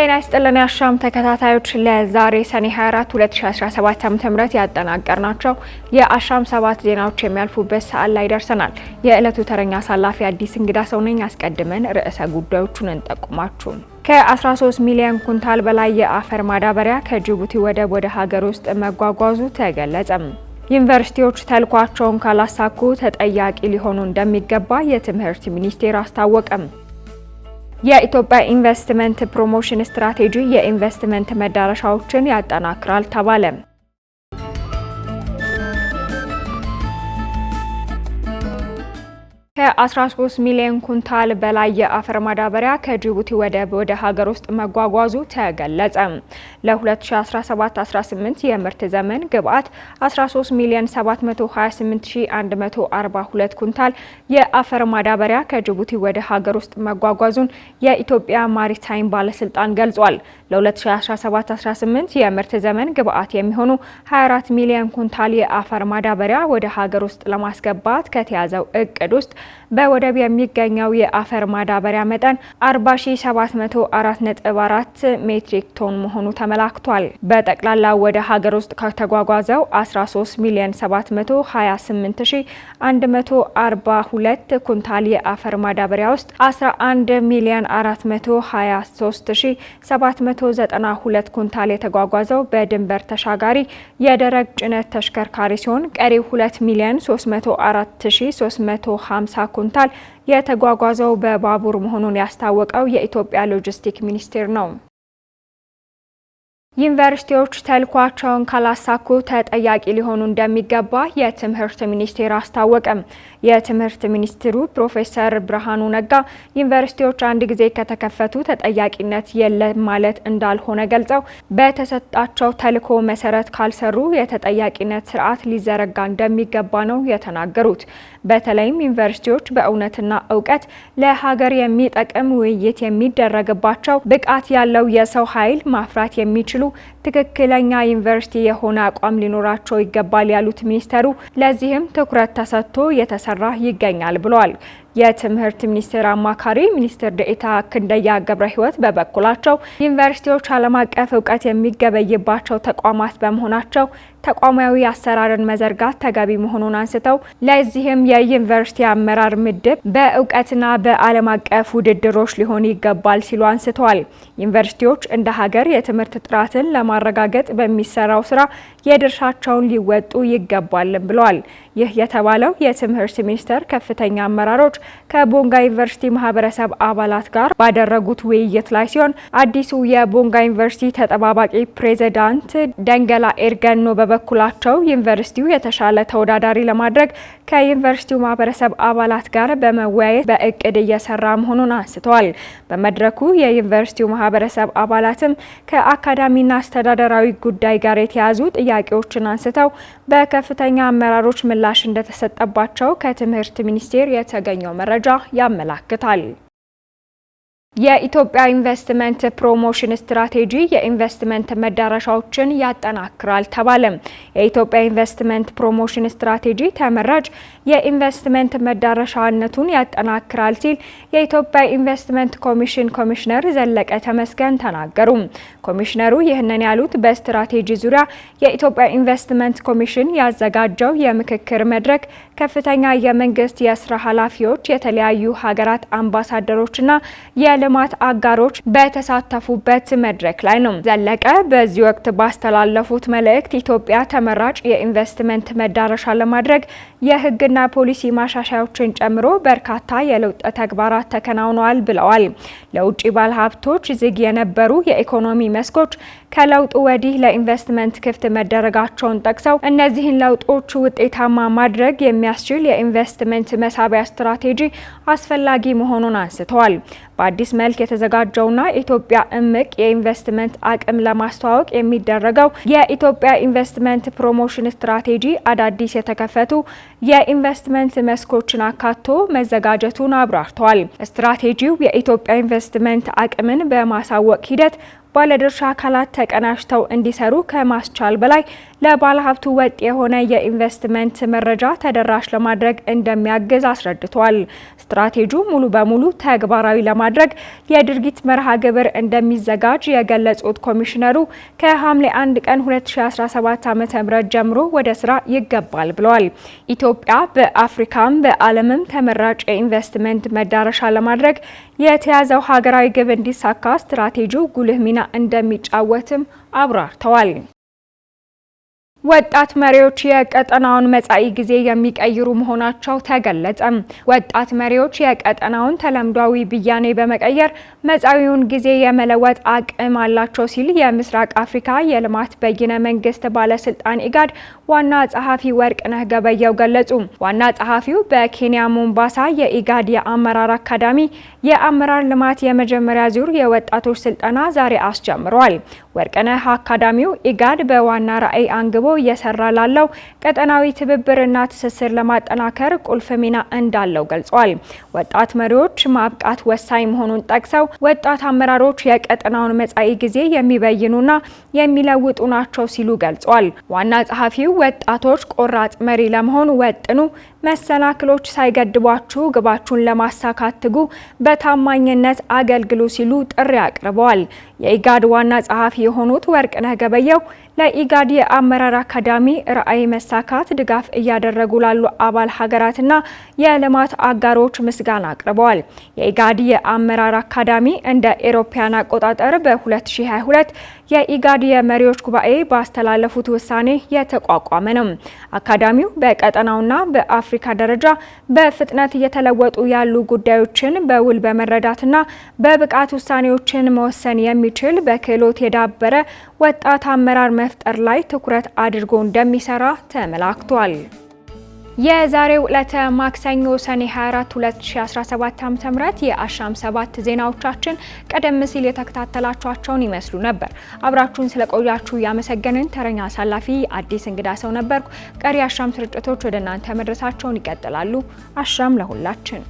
ጤና ይስጥልን ያሻም ተከታታዮች ለዛሬ ሰኔ 24 2017 ዓ.ም ያጠናቀርናቸው የአሻም ሰባት ዜናዎች የሚያልፉበት ሰዓት ላይ ደርሰናል። የዕለቱ ተረኛ አሳላፊ አዲስ እንግዳ ሰው ነኝ። አስቀድመን ርዕሰ ጉዳዮቹን እንጠቁማችሁ። ከ13 ሚሊዮን ኩንታል በላይ የአፈር ማዳበሪያ ከጅቡቲ ወደብ ወደ ሀገር ውስጥ መጓጓዙ ተገለጸም። ዩኒቨርሲቲዎች ተልኳቸውን ካላሳኩ ተጠያቂ ሊሆኑ እንደሚገባ የትምህርት ሚኒስቴር አስታወቀም። የኢትዮጵያ ኢንቨስትመንት ፕሮሞሽን ስትራቴጂ የኢንቨስትመንት መዳረሻዎችን ያጠናክራል ተባለ። ከ13 ሚሊዮን ኩንታል በላይ የአፈር ማዳበሪያ ከጅቡቲ ወደብ ወደ ሀገር ውስጥ መጓጓዙ ተገለጸ። ለ2017/18 የምርት ዘመን ግብዓት 13 ሚሊዮን 728142 ኩንታል የአፈር ማዳበሪያ ከጅቡቲ ወደ ሀገር ውስጥ መጓጓዙን የኢትዮጵያ ማሪታይም ባለስልጣን ገልጿል። ለ2017/18 የምርት ዘመን ግብዓት የሚሆኑ 24 ሚሊዮን ኩንታል የአፈር ማዳበሪያ ወደ ሀገር ውስጥ ለማስገባት ከተያዘው እቅድ ውስጥ በወደብ የሚገኘው የአፈር ማዳበሪያ መጠን 40704.4 ሜትሪክ ቶን መሆኑ ተመላክቷል። በጠቅላላ ወደ ሀገር ውስጥ ከተጓጓዘው 13 ሚሊዮን 728142 ኩንታል የአፈር ማዳበሪያ ውስጥ 11 ሚሊዮን 423792 ኩንታል የተጓጓዘው በድንበር ተሻጋሪ የደረቅ ጭነት ተሽከርካሪ ሲሆን ቀሪው 2 ሚሊዮን 304350 ኩንታል የተጓጓዘው በባቡር መሆኑን ያስታወቀው የኢትዮጵያ ሎጂስቲክ ሚኒስቴር ነው። ዩኒቨርሲቲዎች ተልኳቸውን ካላሳኩ ተጠያቂ ሊሆኑ እንደሚገባ የትምህርት ሚኒስቴር አስታወቀም። የትምህርት ሚኒስትሩ ፕሮፌሰር ብርሃኑ ነጋ ዩኒቨርሲቲዎች አንድ ጊዜ ከተከፈቱ ተጠያቂነት የለም ማለት እንዳልሆነ ገልጸው በተሰጣቸው ተልዕኮ መሰረት ካልሰሩ የተጠያቂነት ስርዓት ሊዘረጋ እንደሚገባ ነው የተናገሩት። በተለይም ዩኒቨርሲቲዎች በእውነትና እውቀት ለሀገር የሚጠቅም ውይይት የሚደረግባቸው ብቃት ያለው የሰው ኃይል ማፍራት የሚችሉ ትክክለኛ ዩኒቨርሲቲ የሆነ አቋም ሊኖራቸው ይገባል ያሉት ሚኒስተሩ ለዚህም ትኩረት ተሰጥቶ እየተሰራ ይገኛል ብለዋል። የትምህርት ሚኒስቴር አማካሪ ሚኒስትር ደኢታ ክንደያ ገብረ ሕይወት በበኩላቸው ዩኒቨርሲቲዎች ዓለም አቀፍ እውቀት የሚገበይባቸው ተቋማት በመሆናቸው ተቋማዊ አሰራርን መዘርጋት ተገቢ መሆኑን አንስተው ለዚህም የዩኒቨርሲቲ አመራር ምድብ በእውቀትና በዓለም አቀፍ ውድድሮች ሊሆን ይገባል ሲሉ አንስተዋል። ዩኒቨርሲቲዎች እንደ ሀገር የትምህርት ጥራትን ለማረጋገጥ በሚሰራው ስራ የድርሻቸውን ሊወጡ ይገባልም ብለዋል። ይህ የተባለው የትምህርት ሚኒስቴር ከፍተኛ አመራሮች ከቦንጋ ዩኒቨርሲቲ ማህበረሰብ አባላት ጋር ባደረጉት ውይይት ላይ ሲሆን አዲሱ የቦንጋ ዩኒቨርሲቲ ተጠባባቂ ፕሬዚዳንት ደንገላ ኤርገኖ በበኩላቸው ዩኒቨርሲቲው የተሻለ ተወዳዳሪ ለማድረግ ከዩኒቨርሲቲው ማህበረሰብ አባላት ጋር በመወያየት በእቅድ እየሰራ መሆኑን አንስተዋል። በመድረኩ የዩኒቨርሲቲው ማህበረሰብ አባላትም ከአካዳሚና አስተዳደራዊ ጉዳይ ጋር የተያዙ ጥያቄዎችን አንስተው በከፍተኛ አመራሮች ምላ ምላሽ እንደተሰጠባቸው ከትምህርት ሚኒስቴር የተገኘው መረጃ ያመላክታል። የኢትዮጵያ ኢንቨስትመንት ፕሮሞሽን ስትራቴጂ የኢንቨስትመንት መዳረሻዎችን ያጠናክራል ተባለም። የኢትዮጵያ ኢንቨስትመንት ፕሮሞሽን ስትራቴጂ ተመራጭ የኢንቨስትመንት መዳረሻነቱን ያጠናክራል ሲል የኢትዮጵያ ኢንቨስትመንት ኮሚሽን ኮሚሽነር ዘለቀ ተመስገን ተናገሩ። ኮሚሽነሩ ይህንን ያሉት በስትራቴጂ ዙሪያ የኢትዮጵያ ኢንቨስትመንት ኮሚሽን ያዘጋጀው የምክክር መድረክ ከፍተኛ የመንግስት የስራ ኃላፊዎች፣ የተለያዩ ሀገራት አምባሳደሮችና ልማት አጋሮች በተሳተፉበት መድረክ ላይ ነው። ዘለቀ በዚህ ወቅት ባስተላለፉት መልእክት ኢትዮጵያ ተመራጭ የኢንቨስትመንት መዳረሻ ለማድረግ የህግና ፖሊሲ ማሻሻያዎችን ጨምሮ በርካታ የለውጥ ተግባራት ተከናውነዋል ብለዋል። ለውጭ ባለሀብቶች ዝግ የነበሩ የኢኮኖሚ መስኮች ከለውጡ ወዲህ ለኢንቨስትመንት ክፍት መደረጋቸውን ጠቅሰው እነዚህን ለውጦች ውጤታማ ማድረግ የሚያስችል የኢንቨስትመንት መሳቢያ ስትራቴጂ አስፈላጊ መሆኑን አንስተዋል። በአዲስ መልክ የተዘጋጀውና ኢትዮጵያ እምቅ የኢንቨስትመንት አቅም ለማስተዋወቅ የሚደረገው የኢትዮጵያ ኢንቨስትመንት ፕሮሞሽን ስትራቴጂ አዳዲስ የተከፈቱ የኢንቨስትመንት መስኮችን አካቶ መዘጋጀቱን አብራርተዋል። ስትራቴጂው የኢትዮጵያ ኢንቨስትመንት አቅምን በማሳወቅ ሂደት ባለድርሻ አካላት ተቀናጅተው እንዲሰሩ ከማስቻል በላይ ለባለሀብቱ ወጥ የሆነ የኢንቨስትመንት መረጃ ተደራሽ ለማድረግ እንደሚያግዝ አስረድቷል። ስትራቴጂ ሙሉ በሙሉ ተግባራዊ ለማድረግ የድርጊት መርሃ ግብር እንደሚዘጋጅ የገለጹት ኮሚሽነሩ ከሐምሌ 1 ቀን 2017 ዓ.ም ጀምሮ ወደ ስራ ይገባል ብለዋል። ኢትዮጵያ በአፍሪካም በዓለምም ተመራጭ የኢንቨስትመንት መዳረሻ ለማድረግ የተያዘው ሀገራዊ ግብ እንዲሳካ ስትራቴጂው ጉልህ ሚና እንደሚጫወትም አብራርተዋል። ወጣት መሪዎች የቀጠናውን መጻኢ ጊዜ የሚቀይሩ መሆናቸው ተገለጸ። ወጣት መሪዎች የቀጠናውን ተለምዷዊ ብያኔ በመቀየር መጻኢውን ጊዜ የመለወጥ አቅም አላቸው ሲል የምስራቅ አፍሪካ የልማት በይነ መንግስት ባለስልጣን ኢጋድ ዋና ጸሐፊ ወርቅነህ ገበየው ገለጹ። ዋና ጸሐፊው በኬንያ ሞምባሳ የኢጋድ የአመራር አካዳሚ የአመራር ልማት የመጀመሪያ ዙር የወጣቶች ስልጠና ዛሬ አስጀምሯል። ወርቅነህ አካዳሚው ኢጋድ በዋና ራዕይ አንግቦ እየሰራ ላለው ቀጠናዊ ትብብርና ትስስር ለማጠናከር ቁልፍ ሚና እንዳለው ገልጿል። ወጣት መሪዎች ማብቃት ወሳኝ መሆኑን ጠቅሰው ወጣት አመራሮች የቀጠናውን መጻኢ ጊዜ የሚበይኑና የሚለውጡ ናቸው ሲሉ ገልጿል። ዋና ጸሐፊው ወጣቶች ቆራጥ መሪ ለመሆን ወጥኑ፣ መሰናክሎች ሳይገድቧችሁ ግባችሁን ለማሳካት ትጉ፣ በታማኝነት አገልግሉ ሲሉ ጥሪ አቅርበዋል። የኢጋድ ዋና ጸሐፊ የሆኑት ወርቅነህ ገበየው ለኢጋድ የአመራር አካዳሚ ራዕይ መሳካት ድጋፍ እያደረጉ ላሉ አባል ሀገራትና የልማት አጋሮች ምስጋና አቅርበዋል። የኢጋድ የአመራር አካዳሚ እንደ ኤሮፓያን አቆጣጠር በ2022 የኢጋድ የመሪዎች ጉባኤ ባስተላለፉት ውሳኔ የተቋቋመ ነው። አካዳሚው በቀጠናውና በአፍሪካ ደረጃ በፍጥነት እየተለወጡ ያሉ ጉዳዮችን በውል በመረዳትና በብቃት ውሳኔዎችን መወሰን የሚችል በክህሎት የዳበረ ወጣት አመራር መፍጠር ላይ ትኩረት አድርጎ እንደሚሰራ ተመላክቷል። የዛሬው ዕለተ ማክሰኞ ሰኔ 24 2017 ዓ ም የአሻም ሰባት ዜናዎቻችን ቀደም ሲል የተከታተላችኋቸውን ይመስሉ ነበር። አብራችሁን ስለቆያችሁ ያመሰገንን። ተረኛ አሳላፊ አዲስ እንግዳ ሰው ነበርኩ። ቀሪ አሻም ስርጭቶች ወደ እናንተ መድረሳቸውን ይቀጥላሉ። አሻም ለሁላችን!